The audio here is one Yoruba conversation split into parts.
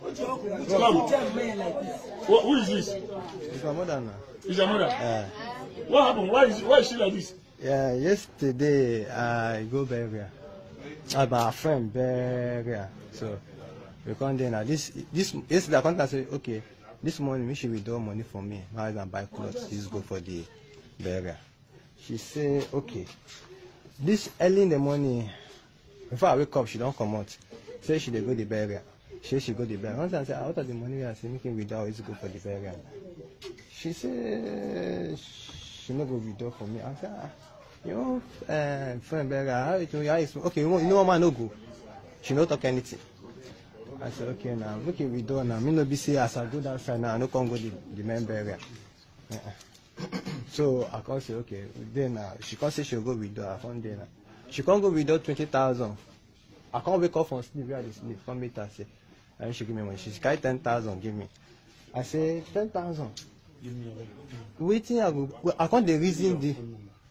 Come. Who is this? It's your mother now. It's your mother? Yeah. What happened? Why is, why is she like this? Yeah, yesterday I go burial. Uh, my friend burial. So we come there now. This this yesterday I contact say okay. This morning make she withdraw money for me. My husband buy clothes. Just go for the burial. She say okay. This early in the morning, before I wake up, she don't come out. Say she dey go the burial. She should go to the burial. Once I said, out of the money we are making withdraw is good for the burial. She said, she not go withdraw for me. I said, ah, you know, uh, friend beggar how it will you Okay, you know, you know no go. She not talk anything. I said, okay now, nah, okay, we do now. Me no be say as I go that side now, I no come go the, the main burial. Uh -uh. so I come say, okay, then uh, she come say she go withdraw. I come there She come go withdraw 20,000. I come wake up from sleep where I dey sleep, from meet her say, And she give me money. She sky ten thousand. give me. I say, 10,000. Give me Waiting, I go, I can't the reason the,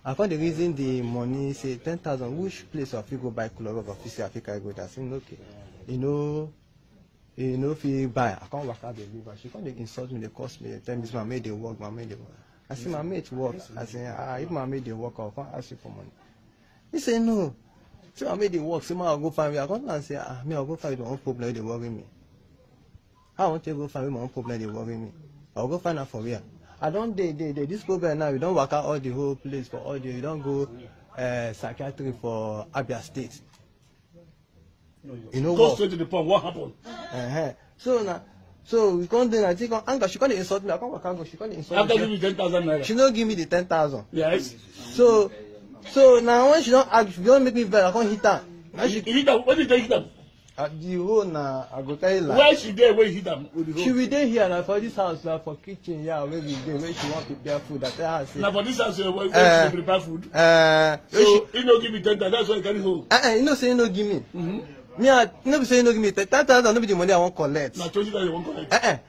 I can't the reason the money, say ten thousand. which place of you go buy chloro of office, I fit I go there. I say, okay. You know, you know, if you buy, I can't work out the river. She can't insult me, they cost me, they tell me, this man made the work, man made the work. I see my mate work. I say, ah, if my mate dey work, I can't ask you for money. He say, no. Say, my mate dey work, say, man, I'll go find you. I come and say, ah, me, I'll go find you, the problem, they worry me i want to go find my own problem They worry me i go find am for real. i don't. They. They. They. this problem now we work out all the whole place for all the we don go uh, psychiatry for abia state you know what go straight to the point what happened? Uh -huh. so now, so we can't do na she come anger she can't insult me i can't waka go she can't insult me after giving me ten thousand naira she no give me the ten thousand. yes so so now when she don argue she don make me vex i can't hit her. na she you hit am wetin you take hit am. At the whole na Agotayla. Where she dey wey hid am with the road? She be dey here na for dis house na for kitchen here wey we dey wey she wan prepare food I tell her say. Na for dis house wey wey uh, she dey prepare food. Uh, so he no give me ten thousand that's why he carry home. Uh, eh, uh, He no say he no give me. Mm -hmm. Me I no be say he no give me ten thousand no be the money I wan collect. Na twenty thousand you wan collect. Uh,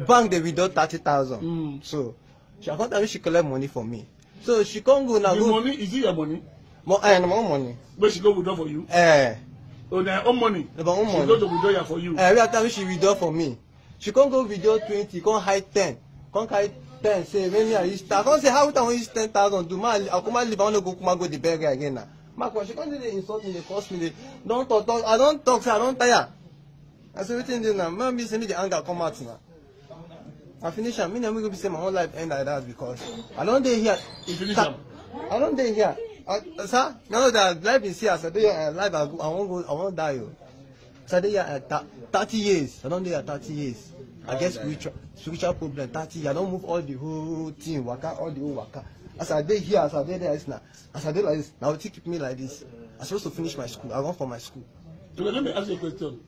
uh, bank dey withdraw thirty thousand. Mm. So she come tell me she collect money for me. So she come go na go. The money is it your money? Mo, uh, na my own money. Wey she go withdraw for you? Eh. On oh, na own money. Na own money. She go to withdraw for you. Every eh, time she withdraw for me, she come go withdraw twenty, come hide ten, come hide ten say make me I use thousand. Come say how I wan use ten thousand do ma akuma leave I wan no go kuma go the burial again now. Ma come she come insult me they cost me dey don talk talk I don't talk say I don't tire. I say wetin dey na man be say make the anger come out now. I finish am me and we go be say my whole life end like that because I don't dey here. You finish am? I don't dey here. Uh, sir, now that life is here. Saturday, uh, life, I, go, I won't go, I won't die. Oh. Saturday, uh, thirty years. I don't need thirty years. I get spiritual, spiritual problem. Thirty, years. I don't move all the whole thing, waka, all the whole waka. As I dey here, as I dey there, now, as I dey like this, now it keep me like this. I supposed to finish my school. I run for my school. So let me ask you a question.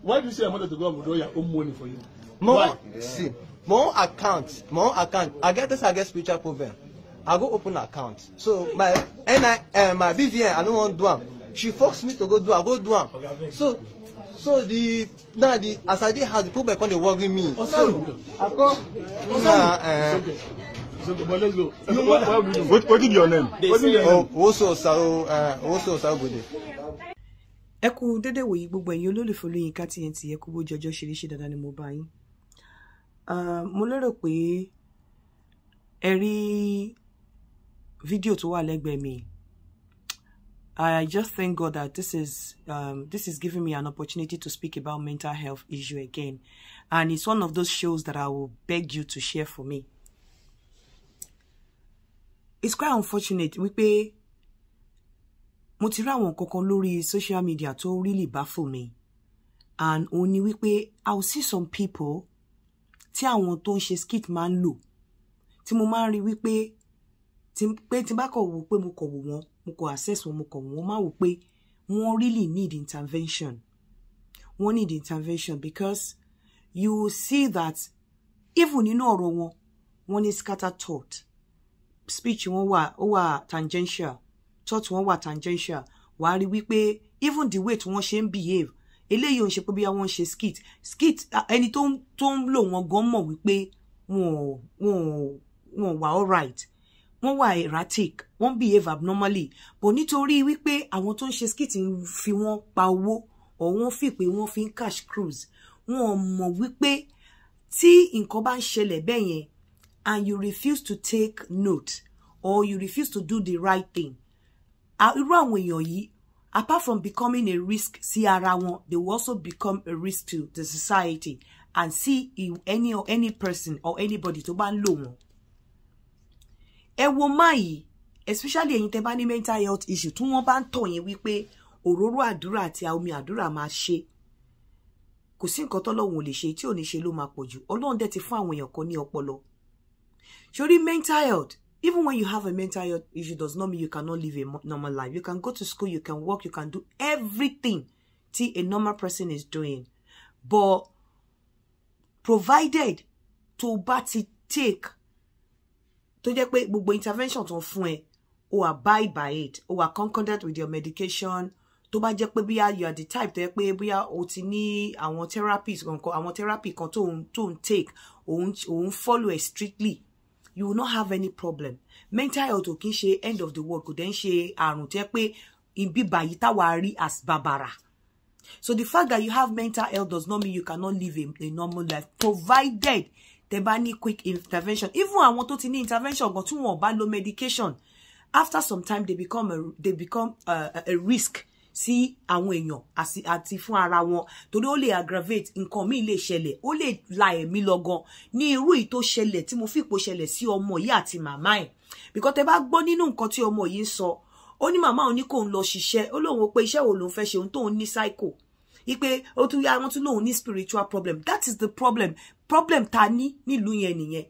Why do you say I wanted to go and withdraw your own money for you? More, Yeah. see, more account, more account. I get this, I get spiritual problem i go open account so my ni uh, eh, my eh, bvn i don't want to do am she force me to go do I go do am so so the now the as i dey house the problem come dey worry me so i come na. Uh, eh. what is your name. Owosu oh, Osaro Owosu Osaro Bode. ẹ kú dédé wòyí gbogbo ẹ̀yin olólùfẹ́ Olóyinka TNT ẹ kú bójú ọjọ́ ṣeréṣe dandan ni mo bá yín mo lérò pé ẹ rí Video to wà lẹ́gbẹ̀ẹ́ me. I just thank God that this is um, this is giving me an opportunity to speak about mental health issue again, and it's one of those shows that I will beg you to share for me. It's quite unfortunate wípé mo ti rí àwọn kankan lórí social media tó really baffle me and òun ni wípé I will see some people tí àwọn tó ń ṣe skit máa ń lò tí mo máa ń rí wípé pé tí bá kọ̀ wò pé mo kọ̀ wò wọ́n mo kọ̀ access wọn mo kọ̀ wò wọ́n má wò pé wọ́n really need intervention wọ́n need intervention because you will see that even nínú ọ̀rọ̀ wọn wọ́n ní scatter thought speech wọn wà ó wà tangential thought wọn wà tangential wàá rí wípé even the way tí wọ́n ṣe ń behave eléyìí ò ń ṣe pé bóyá wọ́n ń ṣe skit skit ẹni tó ń lò wọ́n gan mọ̀ wípé wọn ò wọn ò wọn wọ́n wà erratic wọ́n behave abnormally but nítorí wípé àwọn tó ń ṣe skit ń fi wọ́n pa owó or wọ́n fi pé wọ́n fi ń cash cruise wọ́n mọ̀ wípé tí nǹkan bá ń ṣẹlẹ̀ bẹ́ẹ̀ yẹn and you refuse to take note or you refuse to do the right thing irú àwọn èèyàn yìí apart from becoming a risk sí ara wọn they will also become a risk to the society and see any or any person or anybody tó bá ń lò wọn ẹ wo máa especially ẹ̀yin tẹ́ bá ní mental health issue tí wọ́n bá ń tọ̀ yín wípé òróró àdúrà àti omi àdúrà máa ṣe kò sí nǹkan tọ́lọ́hun ò lè ṣe tí ò ní ṣe ló máa pọ̀ jù ọlọ́run dẹ̀ ti fún àwọn èèyàn kan ní ọpọlọ sórí mental health even when you have a mental health issue does not mean you cannot live a normal life you can go to school you can work you can do everything tí a normal person is doing but provided to bá ti take To jẹ́ pé gbogbo intervention tó ń fún ẹ o abide by it o are concordant with your medication To bá jẹ́ pé bóyá you are the type to yẹ pé bóyá o ti ní àwọn therapies kankan àwọn therapy kan to ń tó ń take òun òun follow it strictly you will not have any problem mental health ò kí ń end of the world kò dẹ̀ ń ṣe àrùn tó yẹ pé ìbíbà yìí táwa rí as bàbàrà so the fact that you have mental health does not mean you cannot live a, a normal life provided tẹ́ bá ní quick intervention even àwọn tó ti ní intervention gan tí wọ́n bá lo medication after some time they become a, they become uh, a, a risk sí àwọn èèyàn àti fún ara wọn torí ó lè aggravate nǹkan míì lè ṣẹlẹ̀ ó lè la ẹ̀mí lọ gan ní irú yìí tó ṣẹlẹ̀ tí mo fìpò ṣẹlẹ̀ sí ọmọ yìí àti màmá ẹ̀ because tẹ́ bá gbọ́ nínú nǹkan tí ọmọ yìí ń sọ ó ní màmá òun ní kò ń lọ ṣiṣẹ́ ó lóun pé iṣẹ́ wo lòun fẹ́ ṣe òun tóun ní cycle ipe ó tún yá wọn tún lóun ní spiritual problem that is the problem problem ta ni nílùú yẹn nìyẹn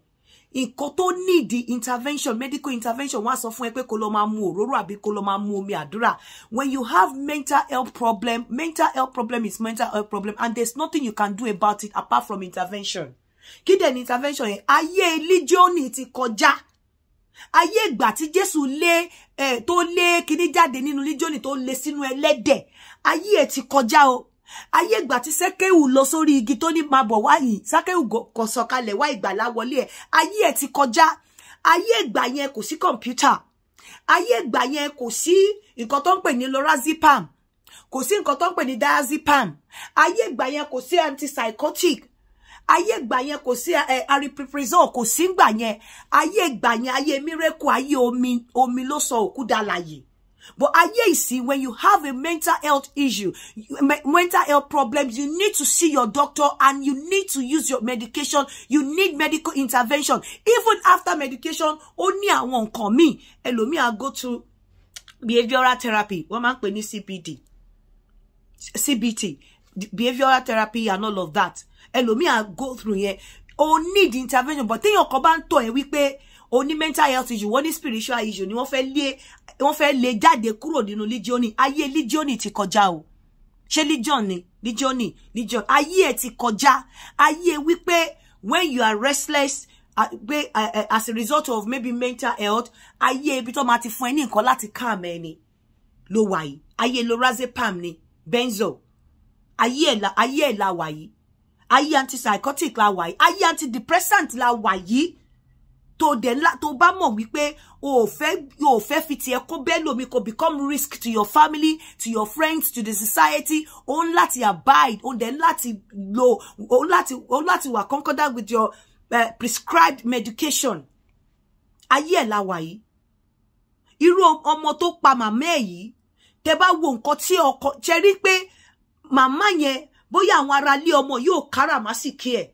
nǹkan tó need intervention medical intervention wa á sọ fún ẹ pé kó lọ mu òróró àbí kó lọ máa mu omi adura. when you have mental health problem mental health problem is mental health problem and there's nothing you can do about it apart from intervention kí ni intervention yẹn ayé líjónì ti kọjá ayé ìgbà tí jésù lé eh, tó lé kíní jáde nínú líjónì tó lé sínú ẹlẹ́dẹ̀ ayé ti kọjá o ayé ìgbà tí sékéwù lọ sórí igi tó ní máa bọ̀ wáyìí sékéwù kò sọ̀kalẹ̀ wá ìgbàlá wọlé ẹ̀ ayé ẹ̀ ti kọjá ayé ìgbà yẹn kò sí kọ̀ǹpútà ayé ìgbà yẹn kò sí nǹkan tó ń pè ní lorazepam kò sí nǹkan tó ń pè ní diazepam ayé ìgbà yẹn kò sí antipsychotic ayé ìgbà yẹn kò sí eh, aripiprazole kò sí ìgbà yẹn ayé ìgbà yẹn ayé mírèkù ayé omi omi ló sọ òkú dalaye But I hear, you see, when you have a mental health issue, mental health problems, you need to see your doctor and you need to use your medication. You need medical intervention. Even after medication, only I won't call me. Hello, me I go to behavioral therapy. Wọ́n máa ń pè ní CBT, behavioral therapy and all of that. Hello, me I go through here. O need intervention. But then kan bá ń tọ̀ ẹ́ wípé ó mental health issue wọ́n ní spiritual issue ni wọ́n fẹ́ lé wọ́n fẹ́ lé jáde kúrò nínú legioni ayé legioni ti kọjá o ṣé legion ni legion ni legion ayé ẹ̀ ti kọjá ayé wípé when you are restless uh, as a result of maybe mental health ayé ibi tó máa ti fún ẹ ní nǹkan láti calm ẹ ni ló wà yìí ayé lorazepam ni benzo ayé ẹ̀ la ayé ẹ̀ la wà yìí ayé antipsychotic la wà yìí ayé antidepressant la wà yìí tó dẹ̀ ńlá ba mo mọ̀ wípé o ò fẹ́ o ò fẹ́ fi tiẹ̀ kó bẹ́ẹ̀ lómi kò become risk to your family to your friends to the society o lati abide o dẹ̀ lati láti lo o ń láti o ń láti concordant with your uh, prescribed medication Aye ẹ̀ la wà yìí irú ọmọ tó pa màmá ẹ̀ yìí tẹ́ bá wo nǹkan tí ọkọ ṣe rí pé màmá yẹn bóyá àwọn aráalé ọmọ yóò káràmásìkí ẹ̀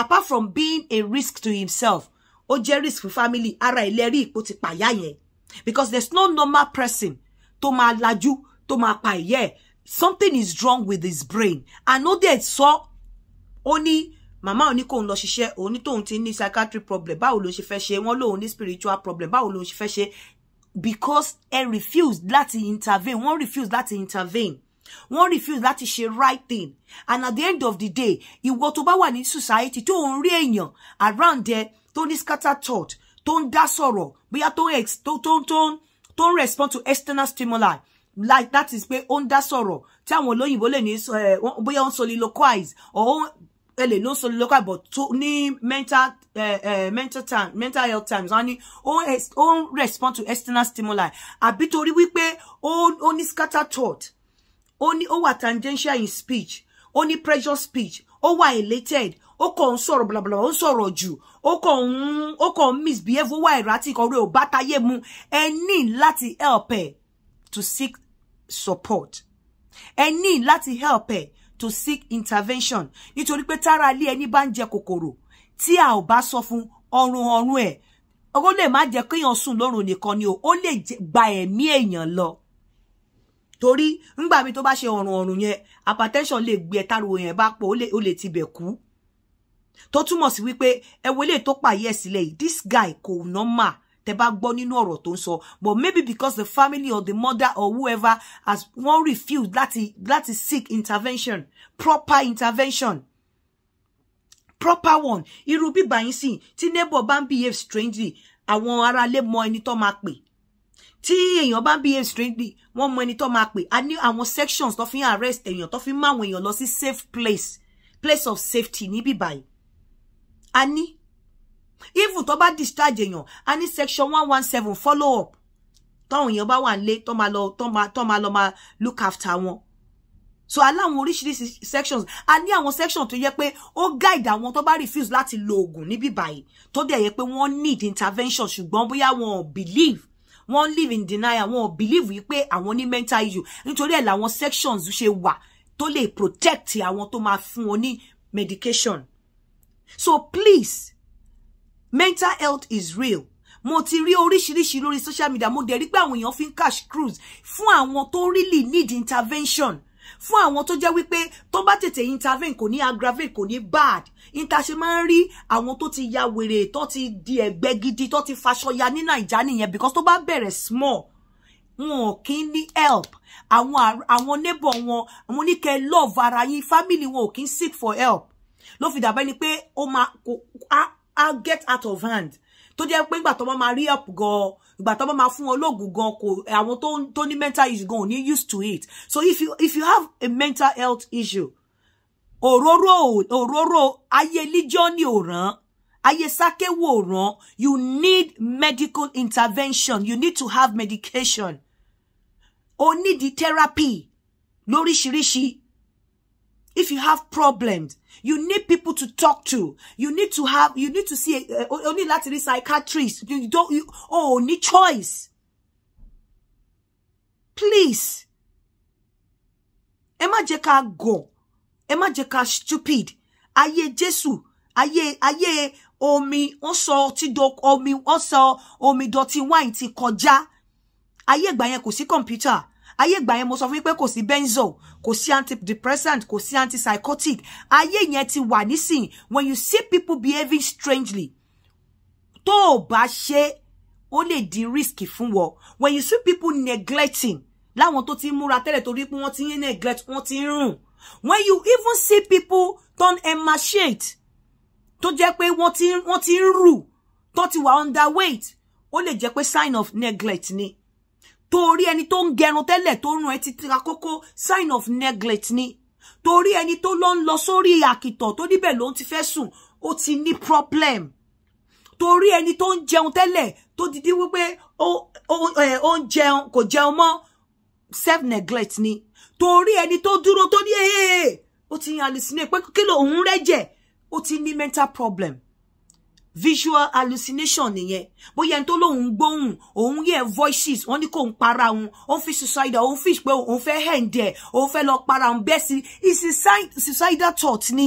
apart from being a risk to himself ó jẹ́ risk fún family ara ìlérí ipò ti pàyà yẹn because there's no normal person tó máa lajú tó máa pa ìyẹ́ something is wrong with his brain and ó dẹ̀ sọ ó ní màmá òní kò ń lọ ṣiṣẹ́ òní tóun ti ní psychiatric problem báwo ló ń ṣe fẹ́ ṣe wọ́n lóun ní spiritual problem báwo ló ń ṣe fẹ́ ṣe because ẹ refuse láti intervene wọ́n refuse láti intervene wọ́n refuse láti ṣe right thing and at the end of the day ìwọ tó bá wà ní society tó ń rí èèyàn around there tó ní scatter thought tó ń dá sọ̀rọ̀ bóyá tó ń tó ń respond to external stimuli like that is pé ó ń dá sọ̀rọ̀ tí àwọn olóyìnbó lè ní eh, bóyá ó ń soliloquize or ẹ lè ló ń soliloquize but tó ní mental eh, eh, mental time mental health times wọ́n ní ó ń respond to external stimuli àbí torí wípé ó ní scatter thought ó ní ó wà tangential in speech ó ní pressure speech ó wà elated ó kàn ń sọ̀rọ̀ blabla ó ń sọ̀rọ̀ jù ó kàn ń ó kàn ń misbehave ó wà erratic ọ̀rẹ́ ò bá táyé mu ẹ ní láti help ẹ to seek support ẹ ní láti help ẹ to seek intervention nítorí pé tára ilé ẹni bá ń jẹ kòkòrò tí a ò bá sọ fún ọrùn ọrùn ẹ ó lè má jẹ kéèyàn sùn lóru nìkan ni o ó lè gba ẹ̀mí èèyàn lọ torí ńgbà mi tó bá ṣe ọ̀rùn ọ̀rùn yẹn hypertension lè gbé ẹ táriwo yẹn bá pọ̀ ó lè tibẹ̀ kú tó túmọ̀ sí wípé ẹ wo eléyìí tó pààyè sílẹ̀ yìí this guy kò normal tẹ bá gbọ́ nínú ọ̀rọ̀ tó ń sọ but maybe because the family or the mother or whoever has wọ́n refused láti láti seek intervention proper intervention proper one irú bíbá yín sìn tí neighbor bá ń behave strangely àwọn aráalé mọ ẹni tó máa pè tí èèyàn bá bí strangely wọ́n mọ ẹni tó máa pè á ní àwọn sections tó fi ń arrest èèyàn tó fi ń mú àwọn èèyàn lọ sí safe place place of safety níbí báyìí a ní even tó bá discharge èèyàn a ní section one one seven follow up táwọn èèyàn bá wà ń lé tó máa lọ tó máa tó máa lọ máa look after wọn so aláwọn oríṣiríṣi sections a ní àwọn section tó yẹ pé ó guide àwọn tó bá refuse láti lo oògùn níbí báyìí tó dẹ̀ yẹ pé wọ́n need intervention ṣùgbọ́n bóyá wọn ò believe wọ́n live in denial wọn ò believe wípé àwọn ní mental issue nítorí ẹ̀ làwọn sections ṣe wà tó lè protect àwọn tó máa fún wọn ní medication so please mental health is real mo ti rí oríṣiríṣi lórí social media mo dẹ̀ rí pé àwọn èèyàn fi ń cash cruise fún àwọn tó really need intervention fún àwọn tó jẹ́ wípé tó bá tètè intervene kò ní aggravate kò ní bad ìtàṣe máa ń rí àwọn tó ti ya wèrè tó ti di ẹ̀gbẹ́ gidi tó ti faṣọya ní nàìjà nìyẹn because tó bá bẹ̀rẹ̀ small wọn ò kí ní help àwọn àwọn neighbor wọn àwọn oníkẹ love ara yín family wọn ò kí seek for help ló fi dàbẹ́ ni pé ó máa kò á get out of hand tó jẹ́ pé nígbà tó máa rí help gan-an ìgbà tó bá máa fún wọn lóògùn gan kò àwọn to, to ní mental issue gan ò used to it so if you if you have a mental health issue òróró òróró ayé lijọ́ni ò ràn ayé sákéwò ò ràn you need medical intervention you need to have medication o need the therapy lóríṣiríṣi if you have problems you need people to talk to you need to have you need to see uh, o ní psychiatrist you don't you oh need choice please Emma má jẹ́ ká gọ̀ ẹ má stupid Aye Jésù Aye Aye omi wọ́n sọ omi wọ́n omi dọ̀tí wine ti kọjá ayé ìgbà yẹn kò computer ayé ìgbà yẹn mo sọ fún yín pé kò sí benzo kò sí antidepressant kò sí antipsychotic ayé yẹn ti wà nísìn when you see people behaving strangely tó o bá ṣe ó lè di risk fún wọ when you see people neglecting láwọn tó ti múra tẹ́lẹ̀ torí pé wọ́n ti ń neglect wọ́n ti ń rùn when you even see people turn emaciate tó jẹ́ pé wọ́n ti wọ́n ti ń rù tó ti wà underweight ó lè jẹ́ pé sign of neglect ni torí ẹni tó ń gẹrun tẹ́lẹ̀ tó rún ẹ ti tira sign of neglect ni torí ẹni tó lọ ń lọ sórí àkìtọ̀ tó níbẹ̀ ló ń ti fẹ́ sùn ó ti ní problem torí ẹni tó ń jẹun tẹ́lẹ̀ tó didi wípé ó ń jẹun kò jẹun mọ́ self neglect ni torí ẹni tó dúró tó ní ẹ̀ẹ́ ó ti hallucinate pé kí ló òun rẹ́jẹ̀ ó ti ní mental problem visual hallucination nìyẹn bóyá ẹni tó lóun gbóhùn òun yẹ voices wọn ní kò ń para òun òun fi suicidal òun fi pé òun fẹ́ hẹ̀ǹdẹ̀ òun fẹ́ lọ para òun bẹ́ẹ̀ sí i suicidal thought ni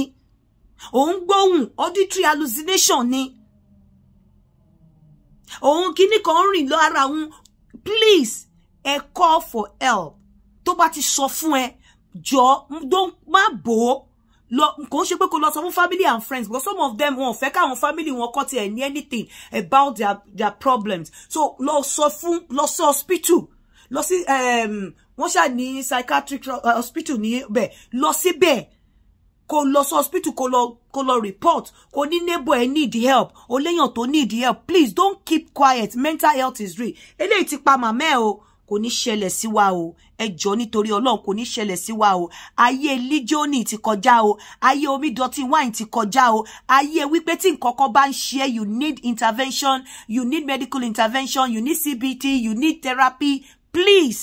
òun gbóhùn auditory hallucination ni òun kíní kan ń rìn lọ ara òun please ẹ call for help tó bá ti sọ fún ẹ jọ má bò ó lọ kò ń ṣe pé kó lọ sọ family and friends because some of them wọn ò fẹ́ káwọn family wọn kọ́ tiẹ̀ any anything about their their problems so lọ sọ fún lọ sí hospital lọ um wọ́n ṣáà ní psychiatric uh, hospital ni níbẹ̀ lọ be kó lọ sí hospital kó lọ kó lọ report kó ní neighbor ẹ need help o léyàn tó need help please don't keep quiet mental health is real eléyìí ti pa màmá o kò ní ṣẹlẹ̀ sí wa o ẹ jọ̀ọ́ nítorí Ọlọ́run kò ní ṣẹlẹ̀ sí wa o ayé lijoni ti kọjá o ayé omi dọ̀tí wine ti kọjá o ayé wípé tí nǹkan kan bá ń ṣe you need intervention you need medical intervention you need CBT you need therapy please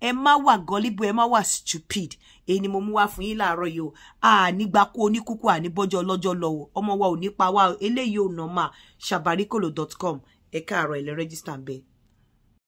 ẹ má wà gọlíbù ẹ má wà stupid èyí ni mo mú wá fún yín láàárọ̀ yìí o ànígbà kú oníkúkú àníbọjọ lọ́jọ́ lọ ọmọ wa ò ní pa wá eléyìí ò nọ mà ṣàbàríkòlò dot com ẹ káàárọ̀ ilẹ rẹjísítà ń